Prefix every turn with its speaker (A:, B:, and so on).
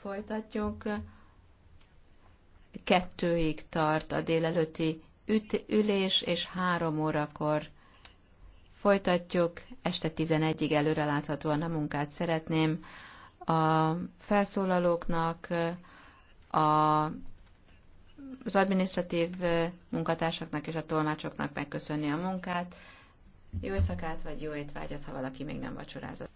A: Folytatjuk.
B: Kettőig tart a délelőtti üt, ülés, és három órakor folytatjuk. Este 11-ig előreláthatóan a munkát szeretném a felszólalóknak, a, az adminisztratív munkatársaknak és a tolmácsoknak megköszönni a munkát. Jó éjszakát vagy jó étvágyat, ha valaki még nem vacsorázott.